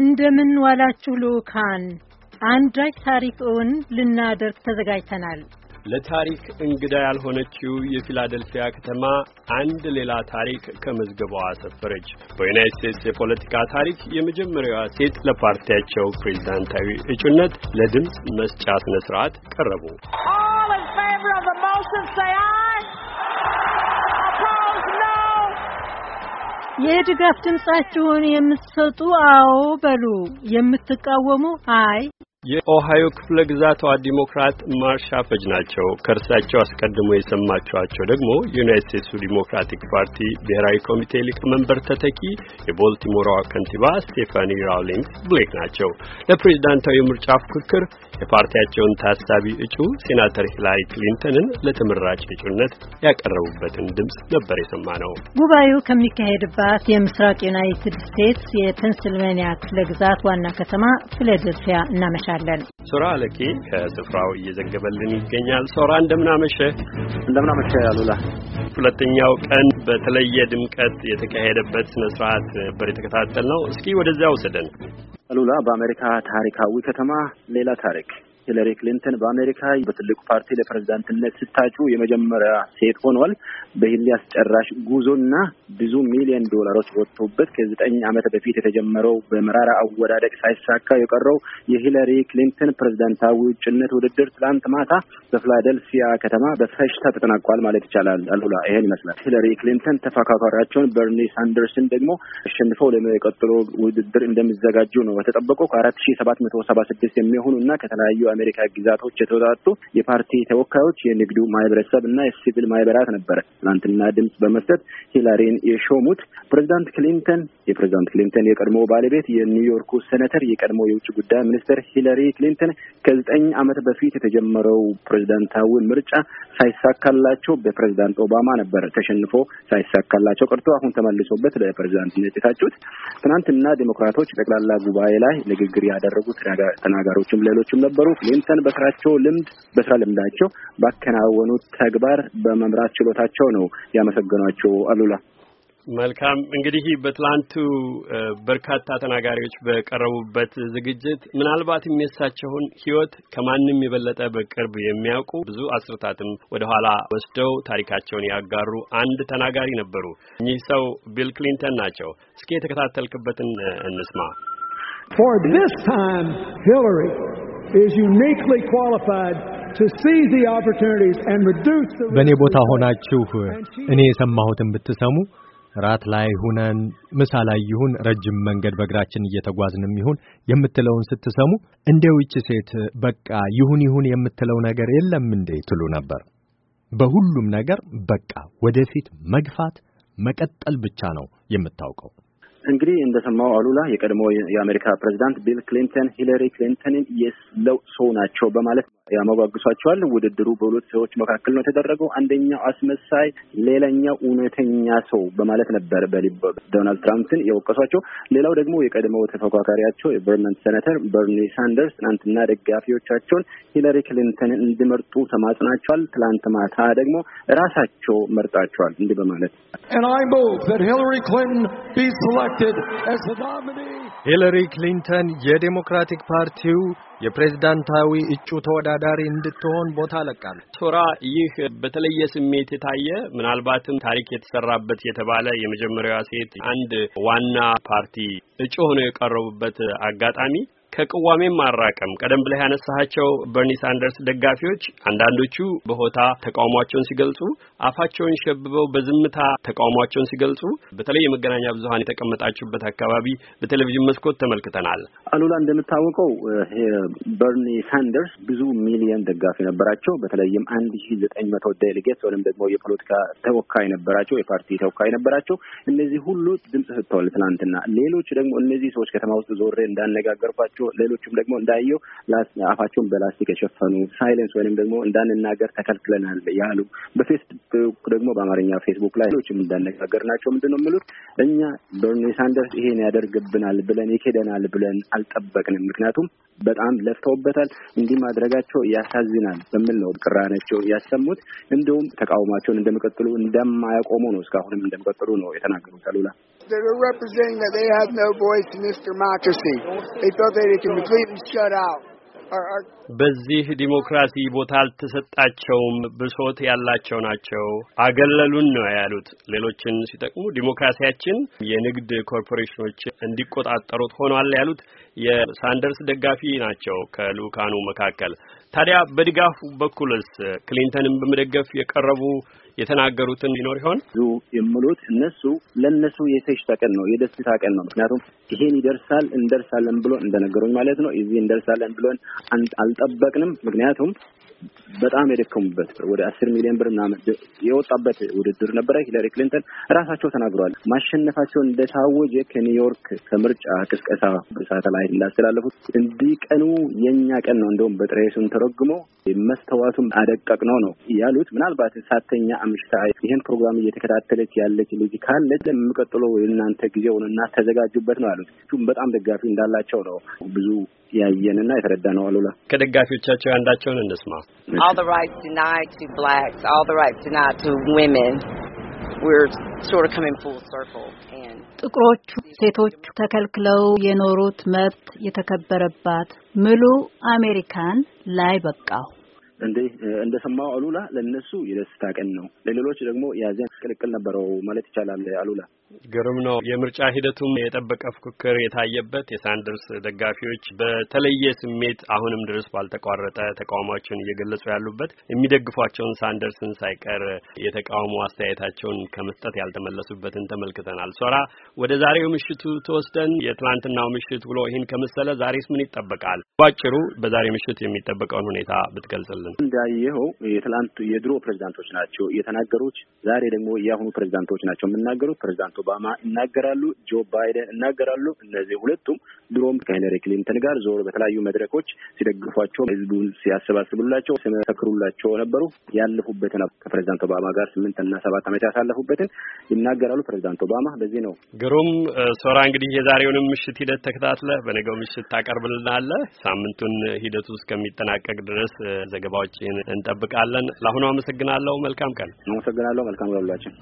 እንደምን ዋላችሁ ልኡካን። አንዳች ታሪክ እውን ልናደርግ ተዘጋጅተናል። ለታሪክ እንግዳ ያልሆነችው የፊላደልፊያ ከተማ አንድ ሌላ ታሪክ ከመዝገቧ አሰፈረች። በዩናይት ስቴትስ የፖለቲካ ታሪክ የመጀመሪያዋ ሴት ለፓርቲያቸው ፕሬዝዳንታዊ እጩነት ለድምፅ መስጫ ስነ ስርዓት ቀረቡ። የድጋፍ ድምጻችሁን የምትሰጡ አዎ በሉ፣ የምትቃወሙ አይ የኦሃዮ ክፍለ ግዛቷ ዲሞክራት ማርሻ ፈጅ ናቸው። ከእርሳቸው አስቀድሞ የሰማችኋቸው ደግሞ የዩናይት ስቴትሱ ዲሞክራቲክ ፓርቲ ብሔራዊ ኮሚቴ ሊቀመንበር ተተኪ የቦልቲሞራዋ ከንቲባ ስቴፋኒ ራውሊንግስ ብሌክ ናቸው። ለፕሬዝዳንታዊ ምርጫ ፉክክር የፓርቲያቸውን ታሳቢ እጩ ሴናተር ሂላሪ ክሊንተንን ለተመራጭ እጩነት ያቀረቡበትን ድምፅ ነበር የሰማ ነው። ጉባኤው ከሚካሄድባት የምስራቅ ዩናይትድ ስቴትስ የፔንስልቬንያ ክፍለ ግዛት ዋና ከተማ ፊላደልፊያ እናመሻ እንመልሳለን። ሶራ አለኪ ከስፍራው እየዘገበልን ይገኛል። ሶራ እንደምናመሸ እንደምናመሸ አሉላ። ሁለተኛው ቀን በተለየ ድምቀት የተካሄደበት ስነ ስርዓት ነበር የተከታተል ነው። እስኪ ወደዚያ ውሰደን አሉላ። በአሜሪካ ታሪካዊ ከተማ ሌላ ታሪክ ሂለሪ ክሊንተን በአሜሪካ በትልቁ ፓርቲ ለፕሬዚዳንትነት ስታጩ የመጀመሪያ ሴት ሆኗል። በሂሊ አስጨራሽ ጉዞና ብዙ ሚሊዮን ዶላሮች ወጥቶበት ከዘጠኝ ዓመት በፊት የተጀመረው በመራራ አወዳደቅ ሳይሳካ የቀረው የሂለሪ ክሊንተን ፕሬዚዳንታዊ ውጭነት ውድድር ትላንት ማታ በፊላደልፊያ ከተማ በፈሽታ ተጠናቋል ማለት ይቻላል። አሉላ ይሄን ይመስላል። ሂለሪ ክሊንተን ተፎካካሪያቸውን በርኒ ሳንደርስን ደግሞ አሸንፈው ለመቀጥሎ ውድድር እንደሚዘጋጁ ነው በተጠበቀው ከአራት ሺ ሰባት መቶ ሰባ ስድስት የሚሆኑ እና ከተለያዩ የአሜሪካ ግዛቶች የተወጣጡ የፓርቲ ተወካዮች፣ የንግዱ ማህበረሰብ እና የሲቪል ማህበራት ነበረ ትናንትና ድምጽ በመስጠት ሂላሪን የሾሙት። ፕሬዚዳንት ክሊንተን የፕሬዚዳንት ክሊንተን የቀድሞ ባለቤት የኒውዮርኩ ሴኔተር የቀድሞ የውጭ ጉዳይ ሚኒስትር ሂላሪ ክሊንተን ከዘጠኝ ዓመት በፊት የተጀመረው ፕሬዚዳንታዊ ምርጫ ሳይሳካላቸው በፕሬዚዳንት ኦባማ ነበር ተሸንፎ ሳይሳካላቸው ቀርቶ አሁን ተመልሶበት ለፕሬዚዳንትነት የታጩት። ትናንትና ዴሞክራቶች ጠቅላላ ጉባኤ ላይ ንግግር ያደረጉት ተናጋሪዎችም ሌሎችም ነበሩ። ክሊንተን በስራቸው ልምድ በስራ ልምዳቸው ባከናወኑት ተግባር በመምራት ችሎታቸው ነው ያመሰገኗቸው። አሉላ መልካም እንግዲህ በትላንቱ በርካታ ተናጋሪዎች በቀረቡበት ዝግጅት ምናልባት የሳቸውን ህይወት ከማንም የበለጠ በቅርብ የሚያውቁ ብዙ አስርታትም ወደ ኋላ ወስደው ታሪካቸውን ያጋሩ አንድ ተናጋሪ ነበሩ። እኚህ ሰው ቢል ክሊንተን ናቸው። እስኪ የተከታተልክበትን እንስማ። For this time, Hillary is uniquely qualified በእኔ ቦታ ሆናችሁ እኔ የሰማሁትን ብትሰሙ ራት ላይ ሁነን ምሳ ላይ ይሁን ረጅም መንገድ በእግራችን እየተጓዝንም ይሁን የምትለውን ስትሰሙ እንደው ይቺ ሴት በቃ ይሁን ይሁን የምትለው ነገር የለም እንዴ ትሉ ነበር። በሁሉም ነገር በቃ ወደፊት መግፋት መቀጠል ብቻ ነው የምታውቀው። እንግዲህ እንደሰማው አሉላ የቀድሞ የአሜሪካ ፕሬዚዳንት ቢል ክሊንተን ሂለሪ ክሊንተንን የስለው ሰው ናቸው በማለት ያመጓግሷቸዋል። ውድድሩ በሁለት ሰዎች መካከል ነው የተደረገው። አንደኛው አስመሳይ፣ ሌላኛው እውነተኛ ሰው በማለት ነበር ዶናልድ ትራምፕን የወቀሷቸው። ሌላው ደግሞ የቀድሞው ተፎካካሪያቸው የቨርመንት ሴኔተር በርኒ ሳንደርስ ትናንትና ደጋፊዎቻቸውን ሂለሪ ክሊንተን እንዲመርጡ ተማጽናቸዋል። ትላንት ማታ ደግሞ ራሳቸው መርጣቸዋል እንዲህ በማለት ሂለሪ ክሊንተን የዴሞክራቲክ ፓርቲው የፕሬዝዳንታዊ እጩ ተወዳዳሪ እንድትሆን ቦታ ለቃል ቶራ ይህ በተለየ ስሜት የታየ ምናልባትም ታሪክ የተሰራበት የተባለ የመጀመሪያዋ ሴት አንድ ዋና ፓርቲ እጩ ሆነው የቀረቡበት አጋጣሚ ከቅዋሜም ማራቀም ቀደም ብለህ ያነሳሃቸው በርኒ ሳንደርስ ደጋፊዎች አንዳንዶቹ በሆታ ተቃውሟቸውን ሲገልጹ፣ አፋቸውን ሸብበው በዝምታ ተቃውሟቸውን ሲገልጹ፣ በተለይ የመገናኛ ብዙኃን የተቀመጣችሁበት አካባቢ በቴሌቪዥን መስኮት ተመልክተናል። አሉላ እንደምታወቀው በርኒ ሳንደርስ ብዙ ሚሊየን ደጋፊ ነበራቸው። በተለይም አንድ ሺ ዘጠኝ መቶ ዴሌጌትስ ወይም ደግሞ የፖለቲካ ተወካይ ነበራቸው፣ የፓርቲ ተወካይ ነበራቸው። እነዚህ ሁሉ ድምጽ ሰጥተዋል ትናንትና። ሌሎች ደግሞ እነዚህ ሰዎች ከተማ ውስጥ ዞሬ እንዳነጋገርኳቸው፣ ሌሎችም ደግሞ እንዳየው አፋቸውን በላስቲክ የሸፈኑ ሳይለንስ ወይም ደግሞ እንዳንናገር ተከልክለናል ያሉ በፌስቡክ ደግሞ በአማርኛ ፌስቡክ ላይ ሌሎችም እንዳነጋገር ናቸው። ምንድን ነው የሚሉት እኛ በርኒ ሳንደርስ ይሄን ያደርግብናል ብለን ይኬደናል ብለን አልጠበቅንም። ምክንያቱም በጣም ለፍተውበታል። እንዲህ ማድረጋቸው ያሳዝናል በሚል ነው ቅራኔያቸውን ያሰሙት። እንዲሁም ተቃውሟቸውን እንደሚቀጥሉ እንደማያቆሙ ነው እስካሁንም እንደሚቀጥሉ ነው የተናገሩት። አሉላ በዚህ ዲሞክራሲ ቦታ አልተሰጣቸውም፣ ብሶት ያላቸው ናቸው። አገለሉን ነው ያሉት። ሌሎችን ሲጠቅሙ ዲሞክራሲያችን የንግድ ኮርፖሬሽኖች እንዲቆጣጠሩት ሆኗል ያሉት የሳንደርስ ደጋፊ ናቸው። ከልኡካኑ መካከል ታዲያ በድጋፍ በኩልስ ክሊንተንን በመደገፍ የቀረቡ የተናገሩትን ሊኖር ይሆን? ብዙ የምሉት እነሱ ለእነሱ የፌሽታ ቀን ነው፣ የደስታ ቀን ነው። ምክንያቱም ይሄን ይደርሳል እንደርሳለን ብሎ እንደነገሩኝ ማለት ነው። እዚህ እንደርሳለን ብሎን አልጠበቅንም። ምክንያቱም በጣም የደከሙበት ወደ አስር ሚሊዮን ብር ምናምን የወጣበት ውድድር ነበረ። ሂለሪ ክሊንተን ራሳቸው ተናግረዋል። ማሸነፋቸውን እንደታወጀ ከኒውዮርክ ከምርጫ ቅስቀሳ ሳተላይት እንዳስተላለፉት እንዲህ ቀኑ የእኛ ቀን ነው፣ እንደውም በጥሬሱን ተረግሞ መስተዋቱም አደቀቅ ነው ነው ያሉት። ምናልባት ሳተኛ አምሽታ ይህን ፕሮግራም እየተከታተለች ያለች ልጅ ካለች ለሚቀጥለው የእናንተ ጊዜውን እና ተዘጋጁበት ነው ያሉት። በጣም ደጋፊ እንዳላቸው ነው ብዙ ያየንና የተረዳ ነው። አሉላ ከደጋፊዎቻቸው ያንዳቸውን እንስማ። all the rights denied to blacks, all the rights denied to women. We're sort of coming full circle. And ጥቁሮቹ ተከልክለው የኖሩት መብት የተከበረባት ምሉ አሜሪካን ላይ በቃሁ። እንዴ እንደሰማው አሉላ ለእነሱ የደስታ ቀን ነው፣ ለሌሎች ደግሞ የሀዘን ቅልቅል ነበረው ማለት ይቻላል። አሉላ ግርም ነው። የምርጫ ሂደቱም የጠበቀ ፉክክር የታየበት የሳንደርስ ደጋፊዎች በተለየ ስሜት አሁንም ድረስ ባልተቋረጠ ተቃውሟቸውን እየገለጹ ያሉበት የሚደግፏቸውን ሳንደርስን ሳይቀር የተቃውሞ አስተያየታቸውን ከመስጠት ያልተመለሱበትን ተመልክተናል። ሶራ ወደ ዛሬው ምሽቱ ተወስደን የትናንትናው ምሽት ብሎ ይህን ከመሰለ ዛሬስ ምን ይጠበቃል? ባጭሩ በዛሬ ምሽት የሚጠበቀውን ሁኔታ ብትገልጽልን። እንችላለን። እንዳየኸው የትላንት የድሮ ፕሬዚዳንቶች ናቸው የተናገሩት። ዛሬ ደግሞ የአሁኑ ፕሬዚዳንቶች ናቸው የምናገሩት። ፕሬዚዳንት ኦባማ ይናገራሉ፣ ጆ ባይደን ይናገራሉ። እነዚህ ሁለቱም ድሮም ከሂለሪ ክሊንተን ጋር ዞሮ በተለያዩ መድረኮች ሲደግፏቸው፣ ህዝቡን ሲያሰባስቡላቸው፣ ሲመሰክሩላቸው ነበሩ። ያለፉበትን ከፕሬዚዳንት ኦባማ ጋር ስምንት እና ሰባት ዓመት ያሳለፉበትን ይናገራሉ ፕሬዚዳንት ኦባማ። በዚህ ነው ግሩም ሶራ እንግዲህ የዛሬውንም ምሽት ሂደት ተከታትለ በነገው ምሽት ታቀርብልናለህ። ሳምንቱን ሂደቱ እስከሚጠናቀቅ ድረስ ዘገባ ዘገባዎችን እንጠብቃለን። ለአሁኑ አመሰግናለሁ። መልካም ቀን። አመሰግናለሁ። መልካም ቀን።